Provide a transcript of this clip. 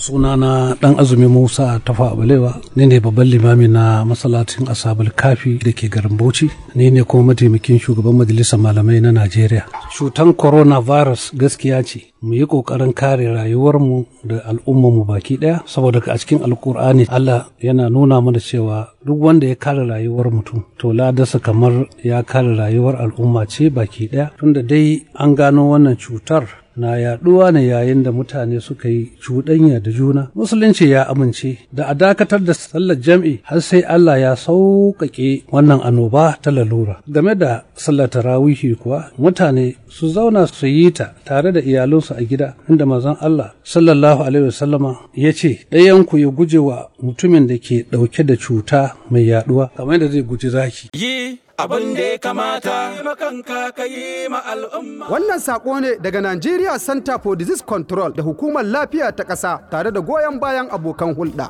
sunana dan azumi musa tafa balewa ne ne babban limami na masallacin asabul kafi da ke garin bauchi ne ne kuma mataimakin shugaban majalisar malamai na najeriya cutan coronavirus gaskiya ce mu yi kokarin kare rayuwarmu da al'ummarmu baki daya saboda a cikin alkur'ani allah yana nuna mana cewa duk wanda ya kare rayuwar mutum to ladasa kamar ya kare rayuwar al'umma ce baki daya tunda dai an gano wannan cutar na yaɗuwa ne yayin da mutane suka yi cuɗanya da juna. Musulunci ya amince da a dakatar da sallar jam'i har sai Allah ya sauƙaƙe wannan annoba ta lalura. Game da sallar tarawihi kuwa mutane su zauna su yi ta tare da iyalansu a gida inda mazan Allah sallallahu alaihi wasallama ya ce ɗayan ku ya guje wa mutumin da ke ɗauke da cuta mai yaɗuwa kamar yadda zai guji zaki. abin da ya kamata makanka ka yi ma al'umma. Wannan saƙo ne daga Nigeria Center for Disease Control da Hukumar Lafiya ta ƙasa tare da goyon bayan abokan hulɗa.